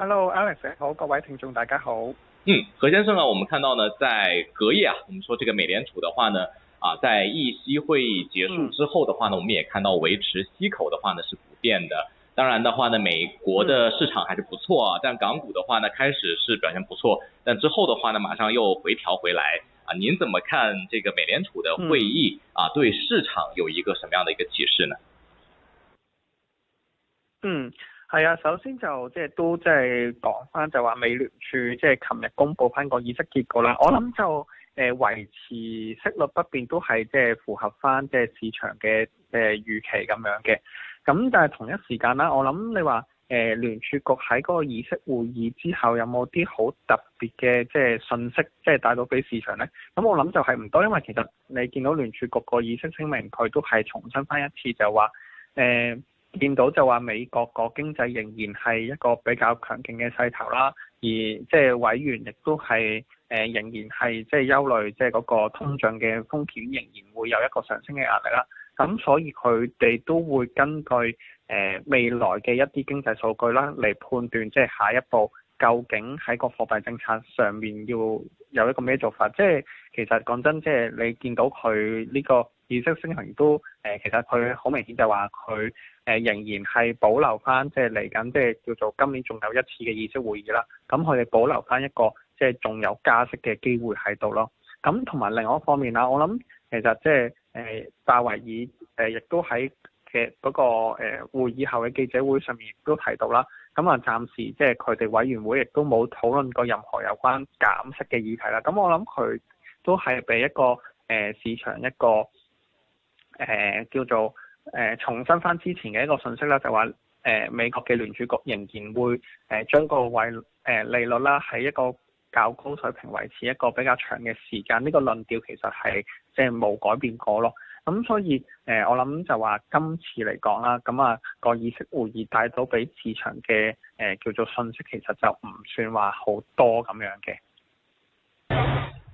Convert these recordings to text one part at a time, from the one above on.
Hello，Alex，好，Hello, Alex, 各位聽眾大家好。嗯，何先生呢、啊？我們看到呢，在隔夜啊，我們說這個美聯儲的話呢，啊，在議息會議結束之後的話呢，嗯、我們也看到維持息口的話呢是不變的。當然的話呢，美國的市場還是不錯，啊，但港股的話呢，開始是表現不錯，但之後的話呢，馬上又回調回來。啊，您怎麼看這個美聯儲的會議啊，嗯、對市場有一個什麼樣的一個啟示呢？嗯。嗯係啊，首先就即係都即係講翻就話美聯儲即係琴日公布翻個議息結果啦。我諗就誒維持息率不變都係即係符合翻即係市場嘅誒預期咁樣嘅。咁但係同一時間啦，我諗你話誒聯儲局喺嗰個議息會議之後有冇啲好特別嘅即係信息，即係帶到俾市場咧？咁我諗就係唔多，因為其實你見到聯儲局個議息聲明佢都係重申翻一次就話誒。呃見到就話美國個經濟仍然係一個比較強勁嘅勢頭啦，而即係委員亦都係誒仍然係即係憂慮，即係嗰個通脹嘅風險仍然會有一個上升嘅壓力啦。咁所以佢哋都會根據誒未來嘅一啲經濟數據啦，嚟判斷即係下一步究竟喺個貨幣政策上面要有一個咩做法。即係其實講真，即係你見到佢呢個。議息升行都誒、呃，其實佢好明顯就話佢誒仍然係保留返，即係嚟緊，即係叫做今年仲有一次嘅議息會議啦。咁佢哋保留返一個即係仲有加息嘅機會喺度咯。咁同埋另外一方面啦，我諗其實即係誒鮑威爾誒亦都喺嘅嗰個誒會議後嘅記者會上面都提到啦。咁、嗯、啊，暫時即係佢哋委員會亦都冇討論過任何有關減息嘅議題啦。咁、嗯、我諗佢都係俾一個誒、呃、市場一個。誒、呃、叫做誒、呃、重申翻之前嘅一個信息啦，就話誒、呃、美國嘅聯儲局仍然會誒、呃、將個惠誒、呃、利率啦喺一個較高水平維持一個比較長嘅時間，呢、這個論調其實係即係冇改變過咯。咁所以誒、呃、我諗就話今次嚟講啦，咁、那、啊個議息會議帶到俾市場嘅誒、呃、叫做信息其實就唔算話好多咁樣嘅。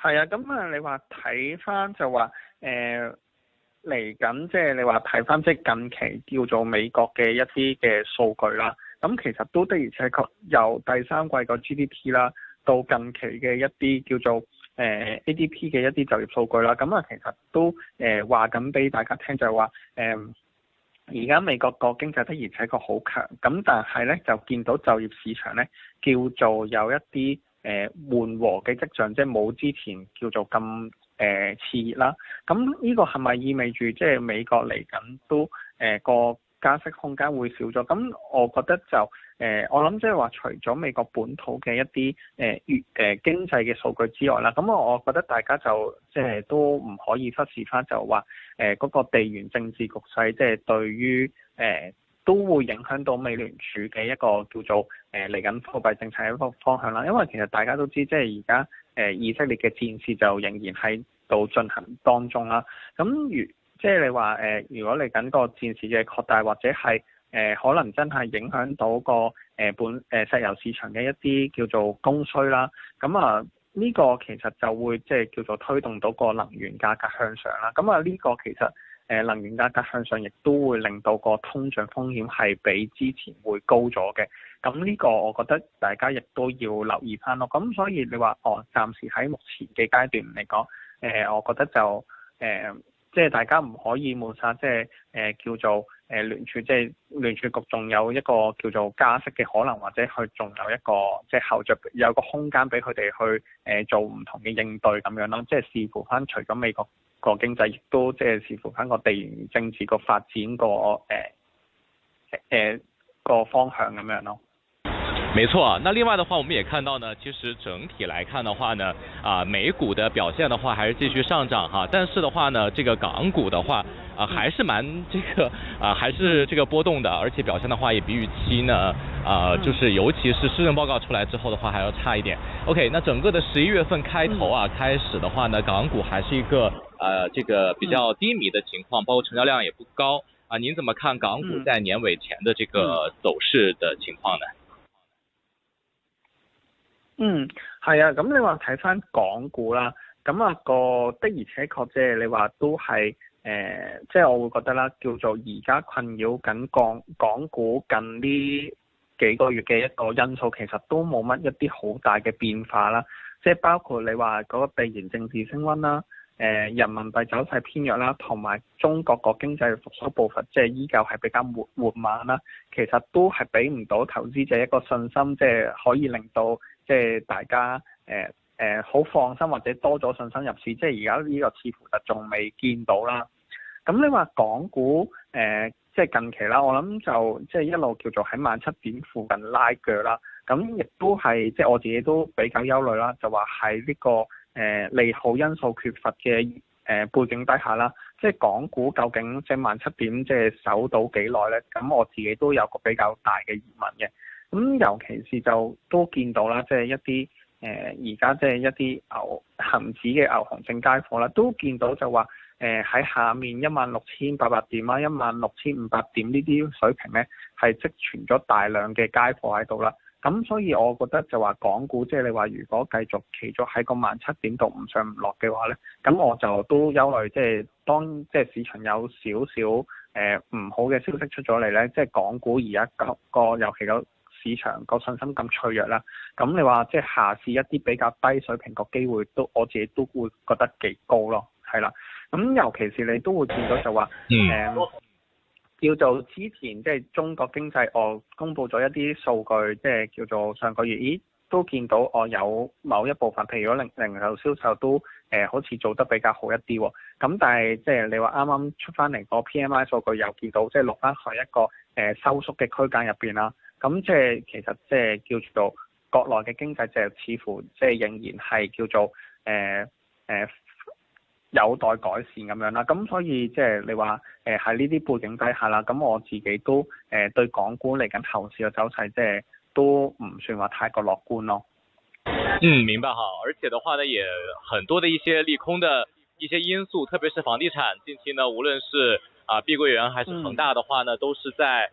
係啊，咁啊，你話睇翻就話誒嚟緊，即係你話睇翻即係近期叫做美國嘅一啲嘅數據啦。咁其實都的而且確由第三季個 GDP 啦，到近期嘅一啲叫做誒 ADP 嘅一啲就業數據啦。咁啊，其實都誒話緊俾大家聽，就係話誒而家美國個經濟的而且確好強。咁但係咧，就見到就業市場咧叫做有一啲，誒、呃、緩和嘅跡象，即係冇之前叫做咁誒熾熱啦。咁呢個係咪意味住即係美國嚟緊都誒、呃、個加息空間會少咗？咁我覺得就誒、呃，我諗即係話除咗美國本土嘅一啲誒月誒經濟嘅數據之外啦，咁我覺得大家就即係都唔可以忽視返就話誒嗰個地緣政治局勢，即係對於誒。呃都會影響到美聯儲嘅一個叫做誒嚟緊貨幣政策一個方向啦，因為其實大家都知，即係而家誒以色列嘅戰事就仍然喺度進行當中啦。咁如即係你話誒、呃，如果嚟緊個戰事嘅擴大，或者係誒、呃、可能真係影響到個誒、呃、本誒、呃、石油市場嘅一啲叫做供需啦。咁啊，呢、這個其實就會即係叫做推動到個能源價格向上啦。咁啊，呢、這個其實～誒能源價格向上，亦都會令到個通脹風險係比之前會高咗嘅。咁呢個我覺得大家亦都要留意翻咯。咁所以你話，哦，暫時喺目前嘅階段嚟講，誒、呃，我覺得就誒、呃，即係大家唔可以抹殺，即係誒、呃、叫做誒聯儲，即係聯儲局仲有一個叫做加息嘅可能，或者佢仲有一個即係後續有個空間俾佢哋去誒、呃、做唔同嘅應對咁樣咯。即係視乎翻，除咗美國。個經濟亦都即係似乎翻個地緣政治個發展個誒誒個方向咁樣咯。沒錯，那另外的話，我們也看到呢，其實整體來看的話呢，啊，美股的表現的話還是繼續上漲哈、啊，但是的話呢，這個港股的話啊，還是蠻這個啊，還是這個波動的，而且表現的話也比預期呢，啊，就是尤其是施政報告出來之後的話，還要差一點。OK，那整個的十一月份開頭啊，開始的話呢，港股還是一個。啊、呃，這個比較低迷嘅情況，嗯、包括成交量也不高啊、呃。您怎麼看港股在年尾前的這個走勢的情況呢？嗯，係啊，咁你話睇翻港股啦，咁啊、那個的而且確即係你話都係誒，即、呃、係、就是、我會覺得啦，叫做而家困擾緊港港股近呢幾個月嘅一個因素，其實都冇乜一啲好大嘅變化啦。即、就、係、是、包括你話嗰個地緣政治升溫啦。誒人民幣走勢偏弱啦，同埋中國個經濟復甦步伐即係依舊係比較緩緩慢啦，其實都係俾唔到投資者一個信心，即係可以令到即係大家誒誒好放心或者多咗信心入市，即係而家呢個似乎就仲未見到啦。咁你話港股誒、呃、即係近期啦，我諗就即係一路叫做喺萬七點附近拉鋸啦。咁亦都係即係我自己都比較憂慮啦，就話喺呢個。誒利好因素缺乏嘅誒背景底下啦，即係港股究竟即係萬七點即係守到幾耐呢？咁我自己都有個比較大嘅疑問嘅。咁尤其是就都見到啦，即係一啲誒而家即係一啲牛恆指嘅牛熊證街貨啦，都見到就話誒喺下面一萬六千八百點啦、一萬六千五百點呢啲水平呢，係積存咗大量嘅街貨喺度啦。咁所以我覺得就話港股，即係你話，如果繼續企咗喺個萬七點度唔上唔落嘅話咧，咁我就都憂慮，即係當即係市場有少少誒唔好嘅消息出咗嚟咧，即係港股而家個尤其個市場個信心咁脆弱啦，咁你話即係下次一啲比較低水平個機會都，我自己都會覺得幾高咯，係啦，咁尤其是你都會見到就話嗯。呃叫做之前即係、就是、中國經濟，我公布咗一啲數據，即、就、係、是、叫做上個月，咦都見到我有某一部分，譬如講零零售銷售都誒、呃，好似做得比較好一啲喎、哦。咁但係即係你話啱啱出翻嚟個 PMI 數據又見到，即係落翻去一個誒、呃、收縮嘅區間入邊啦。咁即係其實即係叫做國內嘅經濟就，就似乎即係仍然係叫做誒誒。呃呃有待改善咁樣啦，咁所以即係、就是、你話誒喺呢啲背景底下啦，咁我自己都誒、呃、對港股嚟緊後市嘅走勢，即、就、係、是、都唔算話太過樂觀咯。嗯，明白好，而且的話呢，也很多的一些利空的一些因素，特別是房地產近期呢，無論是啊、呃、碧桂園還是恒大的話呢，都是在。嗯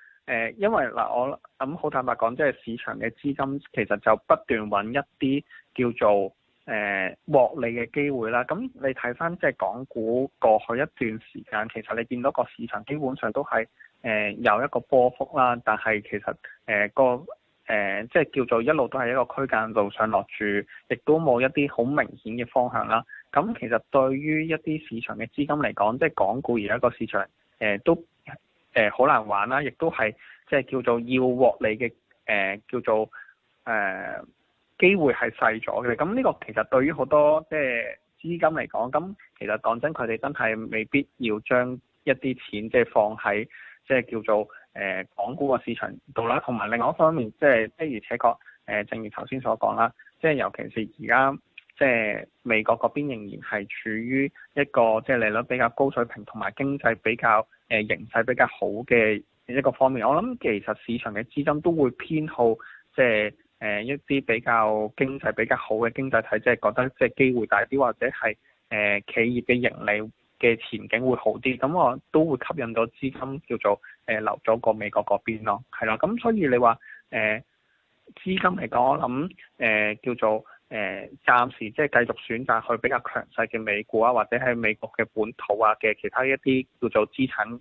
誒，因為嗱，我諗好坦白講，即係市場嘅資金其實就不斷揾一啲叫做誒呃、獲利嘅機會啦。咁你睇翻即係港股過去一段時間，其實你見到個市場基本上都係誒、呃、有一個波幅啦，但係其實誒個誒即係叫做一路都係一個區間度上落住，亦都冇一啲好明顯嘅方向啦。咁其實對於一啲市場嘅資金嚟講，即係港股而家個市場誒、呃、都。誒好、呃、難玩啦，亦都係即係叫做要獲利嘅誒、呃、叫做誒、呃、機會係細咗嘅。咁呢個其實對於好多即係資金嚟講，咁其實講真，佢哋真係未必要將一啲錢即係放喺即係叫做誒、呃、港股個市場度啦。同埋另外一方面，即係的而且確誒，正如頭先所講啦，即係尤其是而家即係美國嗰邊仍然係處於一個即係利率比較高水平同埋經濟比較。誒形勢比較好嘅一個方面，我諗其實市場嘅資金都會偏好、就是，即係誒一啲比較經濟比較好嘅經濟體，即、就、係、是、覺得即係機會大啲，或者係誒、呃、企業嘅盈利嘅前景會好啲，咁我都會吸引到資金叫做誒留咗過美國嗰邊咯，係啦，咁所以你話誒、呃、資金嚟講，我諗誒、呃、叫做。誒暫時即係繼續選擇去比較強勢嘅美股啊，或者係美國嘅本土啊嘅其他一啲叫做資產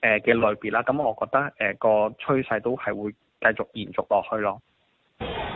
誒嘅類別啦，咁我覺得誒個趨勢都係會繼續延續落去囉。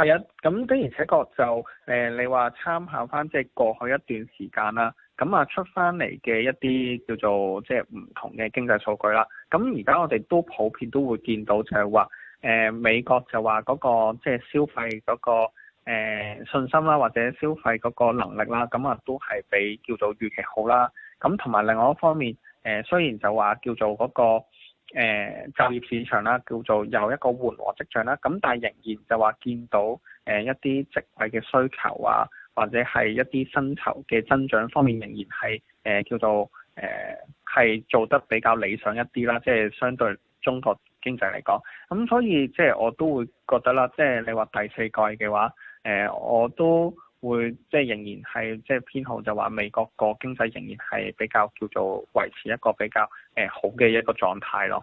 係啊，咁的而且確就誒，你話參考翻即係過去一段時間啦，咁啊出翻嚟嘅一啲叫做即係唔同嘅經濟數據啦。咁而家我哋都普遍都會見到就係話，誒美國就話嗰個即係消費嗰個誒信心啦，或者消費嗰個能力啦，咁啊都係比叫做預期好啦。咁同埋另外一方面，誒雖然就話叫做嗰個。誒、呃、就業市場啦，叫做有一個緩和跡象啦，咁但係仍然就話見到誒、呃、一啲職位嘅需求啊，或者係一啲薪酬嘅增長方面，仍然係誒、呃、叫做誒係、呃、做得比較理想一啲啦，即係相對中國經濟嚟講，咁所以即係我都會覺得啦，即係你話第四季嘅話，誒、呃、我都。會即係仍然係即係偏好，就話美國個經濟仍然係比較叫做維持一個比較誒、呃、好嘅一個狀態囉。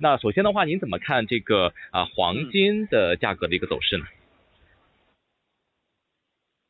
那首先的話，你怎麼看這個啊黃金的價格的一個走勢呢？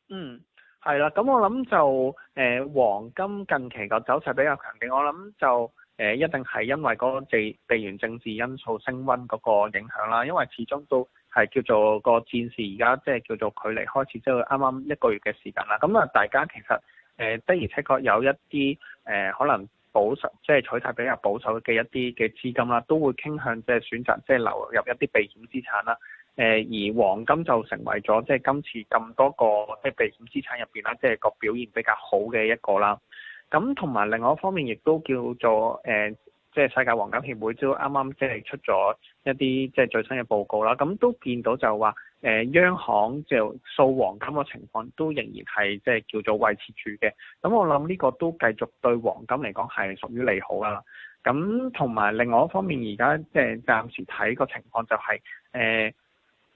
嗯，係啦，咁我諗就誒、呃、黃金近期個走勢比較強勁，我諗就誒、呃、一定係因為嗰地地緣政治因素升溫嗰個影響啦，因為始終都係叫做個戰事，而家即係叫做距離開始即係啱啱一個月嘅時間啦，咁啊大家其實誒、呃、的而且確有一啲誒、呃、可能。保守即係、就是、取態比較保守嘅一啲嘅資金啦，都會傾向即係選擇即係流入一啲避險資產啦。誒而黃金就成為咗即係今次咁多個即係避險資產入邊啦，即、就、係、是、個表現比較好嘅一個啦。咁同埋另外一方面，亦都叫做誒。欸即係世界黃金協會都啱啱即係出咗一啲即係最新嘅報告啦，咁都見到就話，誒央行就掃黃金嘅情況都仍然係即係叫做維持住嘅，咁我諗呢個都繼續對黃金嚟講係屬於利好㗎啦。咁同埋另外一方面，而家即係暫時睇個情況就係，誒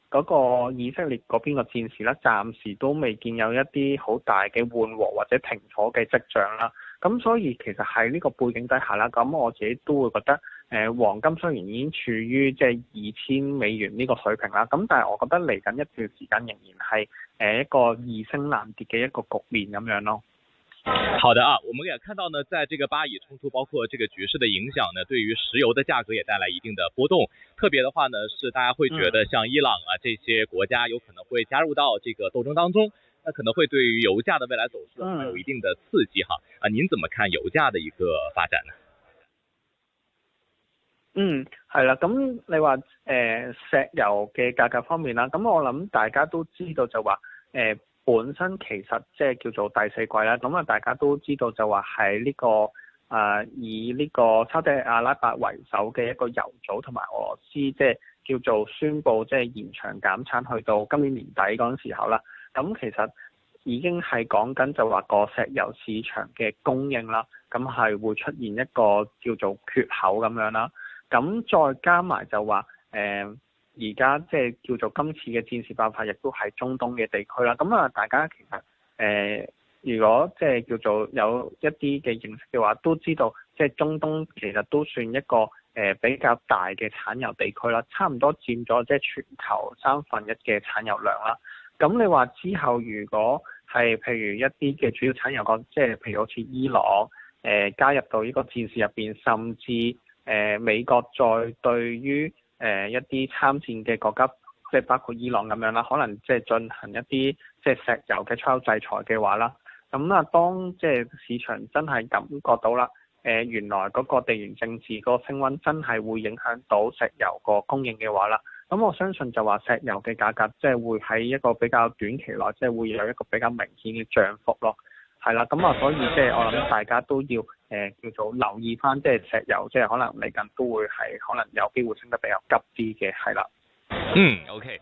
嗰個以色列嗰邊個戰事啦，暫時都未見有一啲好大嘅緩和或者停火嘅跡象啦。咁所以其實喺呢個背景底下啦，咁我自己都會覺得，誒、呃、黃金雖然已經處於即係二千美元呢個水平啦，咁但係我覺得嚟緊一段時間仍然係誒一個易升難跌嘅一個局面咁樣咯。好的啊，我們也看到呢，在這個巴以衝突包括這個局勢嘅影響呢，對於石油嘅價格也帶來一定的波動。特別嘅話呢，是大家會覺得像伊朗啊這些國家有可能會加入到這個鬥爭當中。可能會對於油價的未來走勢，會有一定嘅刺激哈。啊，您怎麼看油價的一個發展呢？嗯，係啦，咁你話誒、呃、石油嘅價格方面啦，咁我諗大家都知道就話誒、呃、本身其實即係叫做第四季啦，咁啊大家都知道就話喺呢個誒、呃、以呢個沙特阿拉伯為首嘅一個油組同埋俄羅斯，即係叫做宣布即係延長減產去到今年年底嗰陣時候啦。咁其實已經係講緊就話個石油市場嘅供應啦，咁係會出現一個叫做缺口咁樣啦。咁再加埋就話，誒而家即係叫做今次嘅戰事爆發，亦都係中東嘅地區啦。咁啊，大家其實誒、呃，如果即係叫做有一啲嘅認識嘅話，都知道即係中東其實都算一個誒、呃、比較大嘅產油地區啦，差唔多佔咗即係全球三分一嘅產油量啦。咁你話之後如果係譬如一啲嘅主要產油國，即係譬如好似伊朗，誒、呃、加入到呢個戰事入邊，甚至誒、呃、美國再對於誒、呃、一啲參戰嘅國家，即係包括伊朗咁樣啦，可能即係進行一啲即係石油嘅出口制裁嘅話啦，咁啊當即係市場真係感覺到啦，誒、呃、原來嗰個地緣政治嗰個升溫真係會影響到石油個供應嘅話啦。咁我相信就話石油嘅價格即係會喺一個比較短期內，即係會有一個比較明顯嘅漲幅咯。係啦，咁啊，所以即係我諗大家都要誒、呃、叫做留意返，即係石油，即係可能嚟緊都會係可能有機會升得比較急啲嘅。係啦。嗯。OK。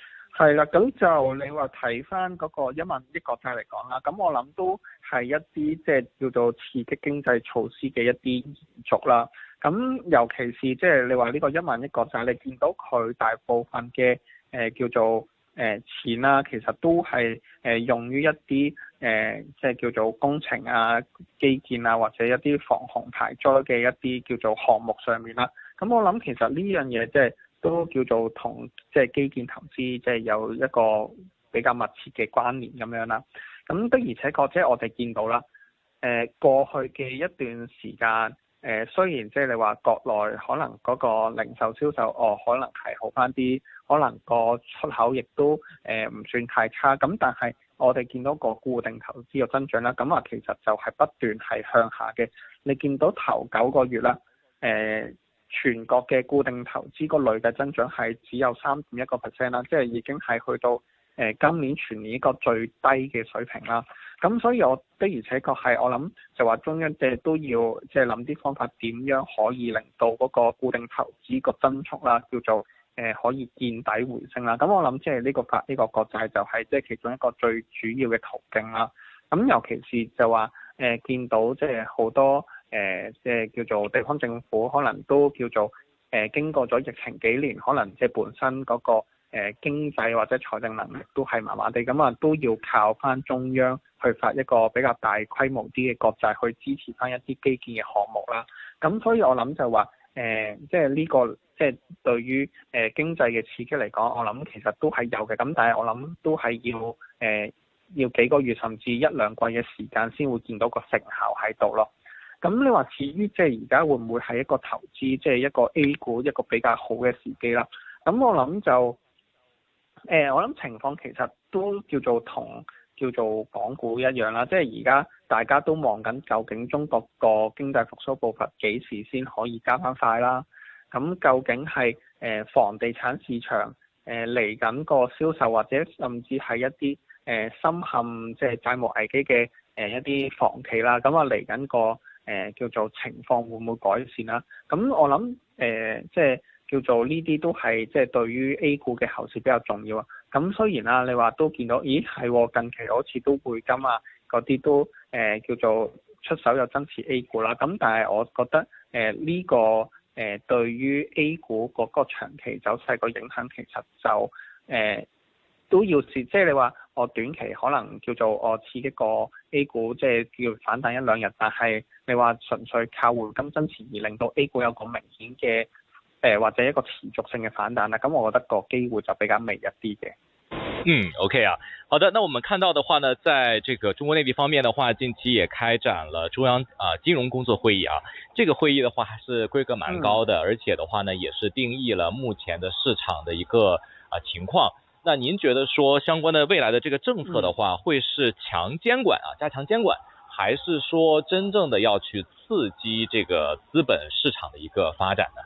係啦，咁就你話睇返嗰個一萬億國債嚟講啦，咁我諗都係一啲即係叫做刺激經濟措施嘅一啲延續啦。咁尤其是即係、就是、你話呢個一萬億國債，你見到佢大部分嘅誒、呃、叫做誒、呃、錢啦、啊，其實都係誒用於一啲誒即係叫做工程啊、基建啊或者一啲防洪排災嘅一啲叫做項目上面啦。咁我諗其實呢樣嘢即係。都叫做同即係、就是、基建投資即係、就是、有一個比較密切嘅關聯咁樣啦。咁的而且確，即係我哋見到啦。誒、呃、過去嘅一段時間，誒、呃、雖然即係你話國內可能嗰個零售銷售哦，可能係好返啲，可能個出口亦都誒唔、呃、算太差。咁但係我哋見到個固定投資嘅增長啦，咁話其實就係不斷係向下嘅。你見到頭九個月啦，誒、呃。全國嘅固定投資個類嘅增長係只有三點一個 percent 啦，即係已經係去到誒、呃、今年全年一個最低嘅水平啦。咁所以我的而且確係我諗就話中央即、就、係、是、都要即係諗啲方法點樣可以令到嗰個固定投資個增速啦，叫做誒、呃、可以見底回升啦。咁我諗即係呢個發呢、這個國債就係即係其中一個最主要嘅途徑啦。咁尤其是就話誒、呃、見到即係好多。誒，即係、呃、叫做地方政府，可能都叫做誒、呃，經過咗疫情幾年，可能即係本身嗰、那個誒、呃、經濟或者財政能力都係麻麻地，咁啊都要靠翻中央去發一個比較大規模啲嘅國債去支持翻一啲基建嘅項目啦。咁所以我諗就話誒，即係呢個即係對於誒、呃、經濟嘅刺激嚟講，我諗其實都係有嘅。咁但係我諗都係要誒、呃、要幾個月甚至一兩季嘅時間先會見到個成效喺度咯。咁你話，至於即係而家會唔會係一個投資，即係一個 A 股一個比較好嘅時機啦？咁我諗就，誒，我諗情況其實都叫做同叫做港股一樣啦。即係而家大家都望緊，究竟中國個經濟復甦步伐幾時先可以加翻快啦？咁究竟係誒房地產市場誒嚟緊個銷售，或者甚至係一啲誒深陷即係債務危機嘅誒一啲房企啦？咁啊嚟緊個。誒、呃、叫做情況會唔會改善啦，啊？咁我諗誒、呃、即係叫做呢啲都係即係對於 A 股嘅後市比較重要啊。咁雖然啦，啊，你話都見到，咦係，哦、近期好似都匯金啊嗰啲都誒、呃、叫做出手又增持 A 股啦。咁但係我覺得誒呢，呃這個誒、呃、對於 A 股嗰，那個長期走勢，那個影響其實就誒。呃都要是，即係你話我短期可能叫做我刺激個 A 股，即係叫反彈一兩日，但係你話純粹靠匯金增持而令到 A 股有個明顯嘅誒或者一個持續性嘅反彈啦，咁我覺得個機會就比較微一啲嘅。嗯，嗯，OK 啊，好的，那我們看到的話呢，在這個中國內地方面的話，近期也開展了中央啊、呃、金融工作會議啊，這個會議的話，還是規格蠻高的，嗯、而且的話呢，也是定義了目前的市場的一個啊、呃、情況。那您覺得說相關的未來的這個政策的話，嗯、會是強監管啊，加強監管，還是說真正的要去刺激這個資本市場的一個發展呢？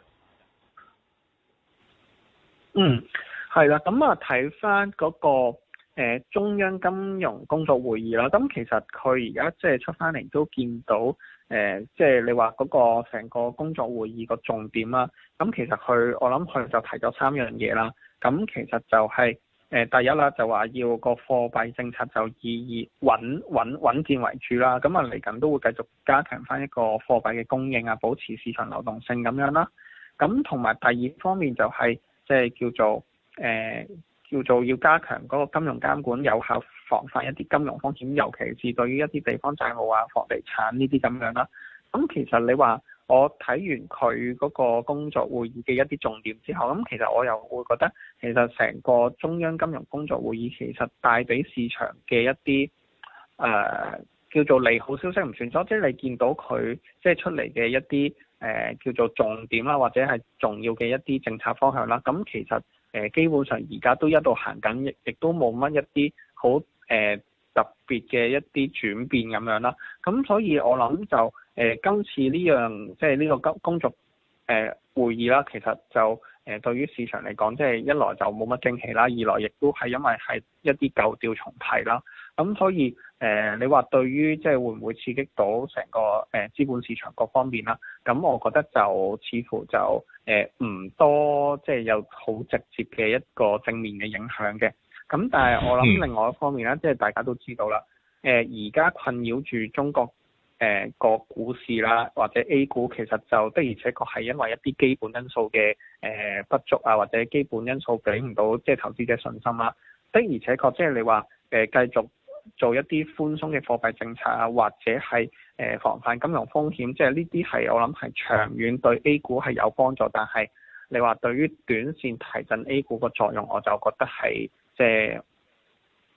嗯，係啦，咁啊睇翻嗰個誒、呃、中央金融工作會議啦，咁其實佢而家即係出翻嚟都見到誒，即、呃、係、就是、你話嗰個成個工作會議個重點啦，咁其實佢我諗佢就提咗三樣嘢啦，咁其實就係、是。誒第一啦，就話要個貨幣政策就以以穩穩穩健為主啦，咁啊嚟緊都會繼續加強翻一個貨幣嘅供應啊，保持市場流動性咁樣啦。咁同埋第二方面就係即係叫做誒、呃、叫做要加強嗰個金融監管，有效防範一啲金融風險，尤其是對於一啲地方債務啊、房地產呢啲咁樣啦。咁其實你話。我睇完佢嗰個工作會議嘅一啲重點之後，咁其實我又會覺得，其實成個中央金融工作會議其實帶俾市場嘅一啲誒、呃、叫做利好消息唔算多，即係你見到佢即係出嚟嘅一啲誒、呃、叫做重點啦，或者係重要嘅一啲政策方向啦，咁其實誒、呃、基本上而家都一路行緊，亦亦都冇乜一啲好誒特別嘅一啲轉變咁樣啦，咁所以我諗就。誒、呃，今次呢樣即係呢個今工作誒、呃、會議啦，其實就誒、呃、對於市場嚟講，即係一來就冇乜驚喜啦，二來亦都係因為係一啲舊調重提啦。咁、嗯、所以誒、呃，你話對於即係會唔會刺激到成個誒資、呃、本市場各方面啦？咁、嗯、我覺得就似乎就誒唔、呃、多即係有好直接嘅一個正面嘅影響嘅。咁、嗯、但係我諗另外一方面啦，即係大家都知道啦，誒而家困擾住中國。誒、呃、個股市啦，或者 A 股其實就的而且確係因為一啲基本因素嘅誒、呃、不足啊，或者基本因素俾唔到即係投資者信心啦、啊。的而且確即係你話誒、呃、繼續做一啲寬鬆嘅貨幣政策啊，或者係誒、呃、防範金融風險，即係呢啲係我諗係長遠對 A 股係有幫助，但係你話對於短線提振 A 股嘅作用，我就覺得係即係。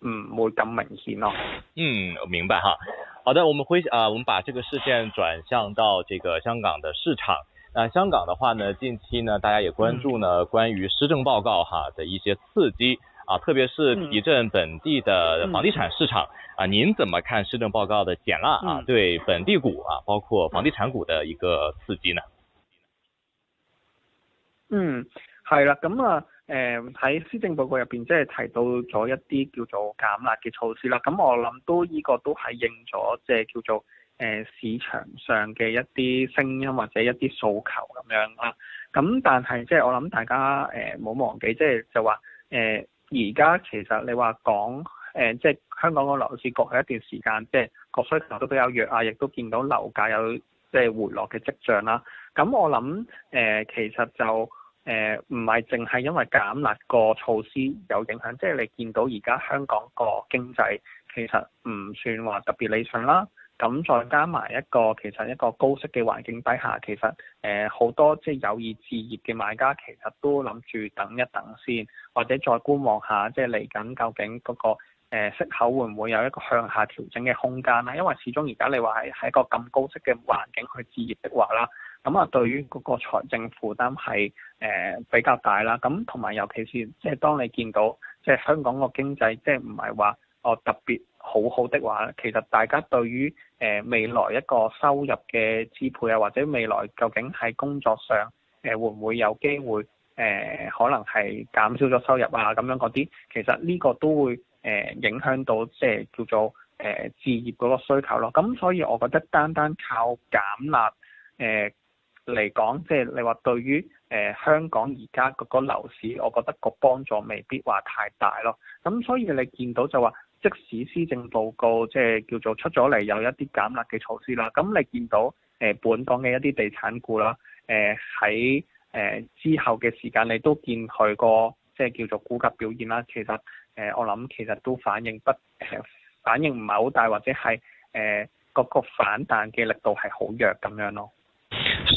嗯，會咁明顯咯。嗯，我明白哈。好的，我們回啊，我們把這個事件轉向到這個香港的市場。那、啊、香港的話呢，近期呢，大家也關注呢，關於施政報告哈的一些刺激啊，特別是提振本地的房地產市場、嗯嗯、啊。您怎麼看施政報告的減辣啊、嗯、啊，對本地股啊，包括房地產股的一個刺激呢？嗯，係啦，咁、嗯、啊。誒喺、呃、施政報告入邊，即係提到咗一啲叫做減壓嘅措施啦。咁我諗都呢個都係應咗，即係叫做誒、呃、市場上嘅一啲聲音或者一啲訴求咁樣啦。咁、啊、但係即係我諗大家誒冇、呃、忘記，即係就話誒而家其實你話講誒，即、呃、係、就是、香港個樓市過去一段時間，即、就、係、是、各需求都比較弱啊，亦都見到樓價有即係回落嘅跡象啦。咁、啊、我諗誒、呃、其實就。誒唔係淨係因為減壓個措施有影響，即係你見到而家香港個經濟其實唔算話特別理想啦。咁再加埋一個其實一個高息嘅環境底下，其實誒好多即係有意置業嘅買家其實都諗住等一等先，或者再觀望下，即係嚟緊究竟嗰個、呃、息口會唔會有一個向下調整嘅空間咧？因為始終而家你話係喺一個咁高息嘅環境去置業的話啦。咁啊，對於嗰個財政負擔係誒、呃、比較大啦。咁同埋尤其是即係當你見到即係香港個經濟即係唔係話哦特別好好的話咧，其實大家對於誒、呃、未來一個收入嘅支配啊，或者未來究竟喺工作上誒、呃、會唔會有機會誒、呃、可能係減少咗收入啊咁樣嗰啲，其實呢個都會誒、呃、影響到即係叫做誒置、呃、業嗰個需求咯、啊。咁所以我覺得單單，單靠減辣誒。呃呃嚟講，即係你話對於誒、呃、香港而家嗰個樓市，我覺得個幫助未必話太大咯。咁、嗯、所以你見到就話，即使施政報告即係叫做出咗嚟，有一啲減壓嘅措施啦。咁、嗯、你見到誒、呃、本港嘅一啲地產股啦，誒喺誒之後嘅時間，你都見佢個即係叫做股價表現啦。其實誒、呃，我諗其實都反應不反應唔係好大，或者係誒嗰個反彈嘅力度係好弱咁樣咯。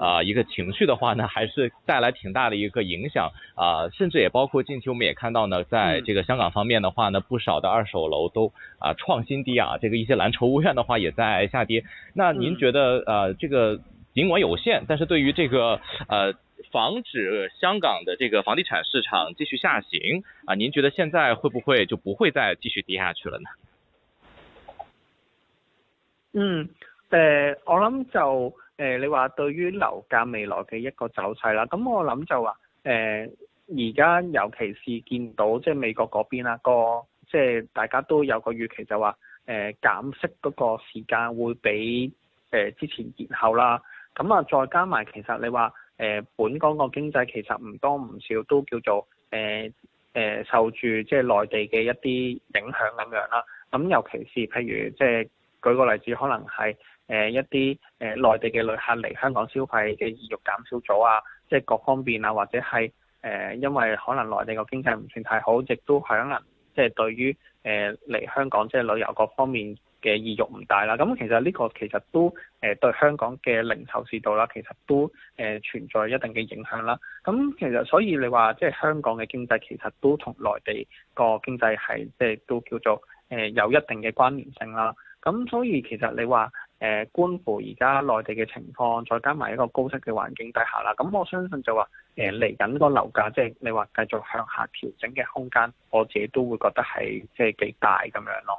啊、呃，一個情緒的話呢，還是帶來挺大的一個影響啊、呃，甚至也包括近期我們也看到呢，在這個香港方面的話呢，不少的二手樓都啊、呃、創新低啊，這個一些藍籌物業的話也在下跌。那您覺得呃，這個盡管有限，但是對於這個呃防止香港的這個房地產市場繼續下行啊、呃，您覺得現在會不會就不會再繼續跌下去了呢？嗯，呃，我諗就。誒、呃，你話對於樓價未來嘅一個走勢啦，咁、嗯、我諗就話，誒、呃，而家尤其是見到即係美國嗰邊啦，個即係大家都有個預期就話，誒、呃，減息嗰個時間會比誒、呃、之前延後啦。咁、嗯、啊，再加埋其實你話，誒、呃，本港個經濟其實唔多唔少都叫做，誒、呃，誒、呃，受住即係內地嘅一啲影響咁樣啦。咁、嗯、尤其是譬如即係舉個例子，可能係。誒、呃、一啲誒內地嘅旅客嚟香港消費嘅意欲減少咗啊，即係各方面啊，或者係誒、呃、因為可能內地個經濟唔算太好，亦都可能即係對於誒嚟香港即係旅遊各方面嘅意欲唔大啦。咁、嗯、其實呢個其實都誒、呃、對香港嘅零售市道啦，其實都誒、呃、存在一定嘅影響啦。咁、嗯、其實所以你話即係香港嘅經濟其實都同內地個經濟係即係都叫做誒、呃、有一定嘅關聯性啦。咁、嗯、所以其實你話，誒、呃，觀乎而家內地嘅情況，再加埋一個高息嘅環境底下啦，咁我相信就話，誒嚟緊個樓價，即係你話繼續向下調整嘅空間，我自己都會覺得係即係幾大咁樣咯。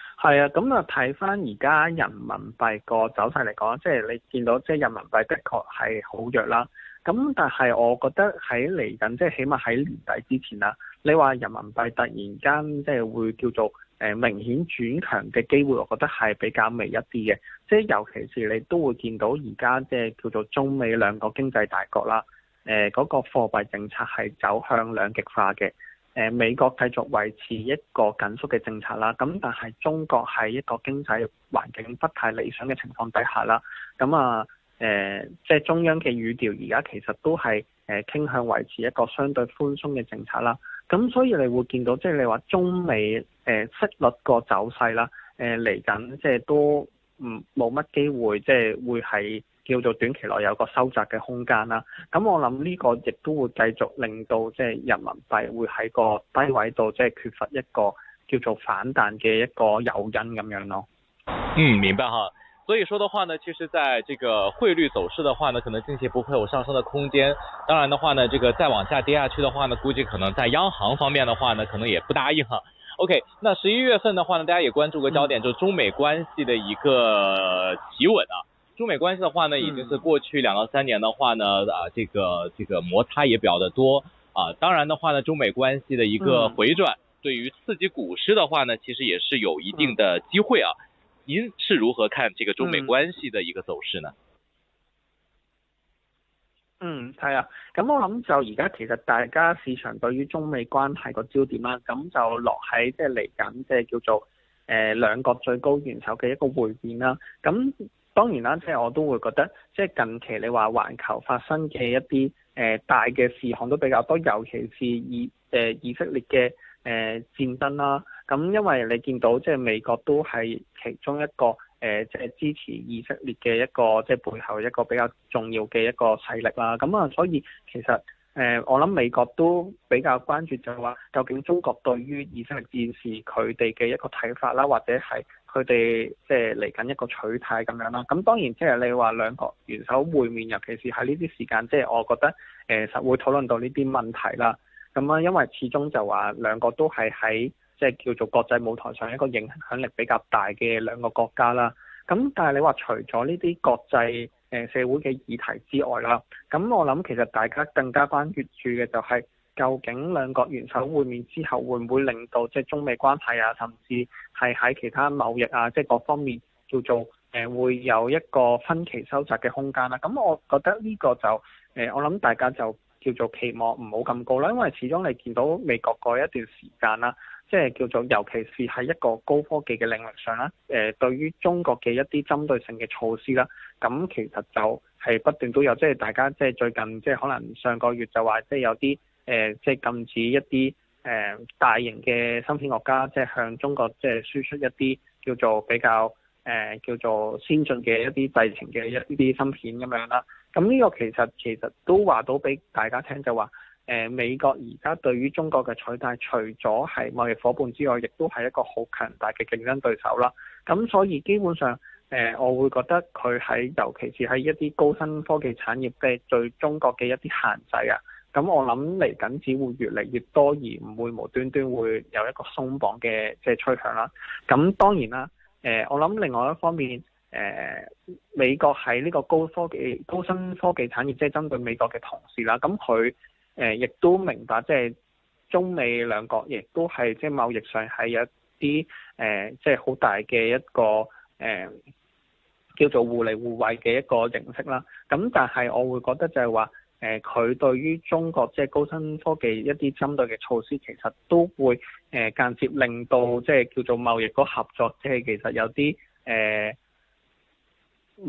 係啊，咁啊睇翻而家人民幣個走勢嚟講，即係你見到即係人民幣的確係好弱啦。咁但係我覺得喺嚟緊，即係起碼喺年底之前啊，你話人民幣突然間即係會叫做誒明顯轉強嘅機會，我覺得係比較微一啲嘅。即係尤其是你都會見到而家即係叫做中美兩個經濟大國啦，誒嗰個貨幣政策係走向兩極化嘅。誒美國繼續維持一個緊縮嘅政策啦，咁但係中國喺一個經濟環境不太理想嘅情況底下啦，咁啊誒，即、呃、係、就是、中央嘅語調而家其實都係誒傾向維持一個相對寬鬆嘅政策啦。咁所以你會見到即係、就是、你話中美誒息率個走勢啦，誒嚟緊即係都唔冇乜機會即係會係叫做短期內有個收窄嘅空間啦，咁我諗呢個亦都會繼續令到即係人民幣會喺個低位度即係缺乏一個叫做反彈嘅一個誘因咁樣咯。嗯，明白哈。所以說的話呢，其實在這個匯率走勢的話呢，可能近期不會有上升嘅空間。當然的話呢，這個再往下跌下去的話呢，估計可能在央行方面的話呢，可能也不答應哈。OK，那十一月份的話呢，大家也關注個焦點，就中美關係嘅一個企穩啊。中美關係的話呢，已經是過去兩到三年的話呢，嗯、啊，這個這個摩擦也比較的多啊。當然的話呢，中美關係的一個回轉，對於刺激股市的話呢，其實也是有一定的機會啊。您、嗯、是如何看這個中美關係的一個走勢呢？嗯，係啊，咁我諗就而家其實大家市場對於中美關係個焦點啦，啊，咁就落喺即係嚟緊即係叫做誒兩國最高元首嘅一個會面啦，啊，咁。當然啦，即係我都會覺得，即係近期你話環球發生嘅一啲誒、呃、大嘅事項都比較多，尤其是以誒、呃、以色列嘅誒、呃、戰爭啦。咁、嗯、因為你見到即係美國都係其中一個誒即係支持以色列嘅一個即係背後一個比較重要嘅一個勢力啦。咁、嗯、啊，所以其實誒、呃、我諗美國都比較關注就係話，究竟中國對於以色列戰事佢哋嘅一個睇法啦，或者係。佢哋即係嚟緊一個取態咁樣啦，咁當然即係你話兩國元首會面，尤其是喺呢啲時間，即係我覺得誒實會討論到呢啲問題啦。咁啊，因為始終就話兩國都係喺即係叫做國際舞台上一個影響力比較大嘅兩個國家啦。咁但係你話除咗呢啲國際誒社會嘅議題之外啦，咁我諗其實大家更加關注住嘅就係。究竟兩國元首會面之後，會唔會令到即係中美關係啊，甚至係喺其他貿易啊，即係各方面叫做誒會有一個分歧收窄嘅空間啦？咁我覺得呢個就誒，我諗大家就叫做期望唔好咁高啦，因為始終你見到美國嗰一段時間啦，即係叫做尤其是喺一個高科技嘅領域上啦，誒對於中國嘅一啲針對性嘅措施啦，咁其實就係不斷都有，即係大家即係最近即係可能上個月就話即係有啲。誒，即係禁止一啲誒、呃、大型嘅芯片國家，即係向中國即係輸出一啲叫做比較誒、呃、叫做先進嘅一啲製程嘅一啲芯片咁樣啦。咁呢個其實其實都話到俾大家聽，就話誒美國而家對於中國嘅取代，除咗係貿易伙伴之外，亦都係一個好強大嘅競爭對手啦。咁所以基本上誒、呃，我會覺得佢喺尤其是喺一啲高新科技產業嘅對中國嘅一啲限制啊。咁、嗯、我諗嚟緊只會越嚟越多，而唔會無端端會有一個鬆綁嘅即係趨向啦。咁、嗯、當然啦，誒、呃、我諗另外一方面，誒、呃、美國喺呢個高科技、高新科技產業，即係針對美國嘅同時啦，咁佢誒亦都明白，即係中美兩國亦都係即係貿易上係有啲誒、呃、即係好大嘅一個誒、呃、叫做互利互惠嘅一個形式啦。咁、嗯、但係我會覺得就係話。誒佢、呃、對於中國即係高新科技一啲針對嘅措施，其實都會誒、呃、間接令到即係叫做貿易嗰合作，即係其實有啲誒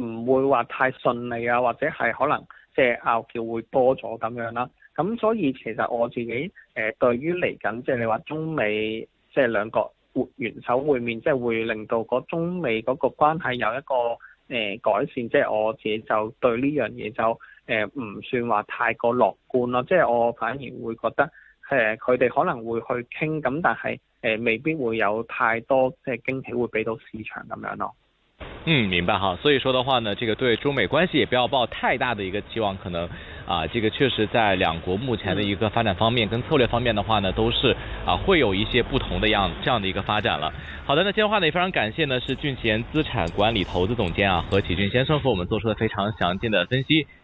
唔會話太順利啊，或者係可能即係拗撬會多咗咁樣啦。咁所以其實我自己誒、呃、對於嚟緊即係你話中美即係兩國會元首會面，即係會令到嗰中美嗰個關係有一個誒、呃、改善。即係我自己就對呢樣嘢就。誒唔、呃、算話太過樂觀咯，即係我反而會覺得誒佢哋可能會去傾，咁但係誒、呃、未必會有太多即係驚喜會俾到市場咁樣咯。嗯，明白哈，所以說的話呢，這個對中美關係也不要抱太大的一個期望，可能啊，這個確實在兩國目前的一個發展方面跟策略方面的話呢，都是啊會有一些不同的樣這樣的一個發展了。好的，那今天話呢非常感謝呢是俊賢資產管理投資總監啊何啟俊先生，和我們做出咗非常詳盡的分析。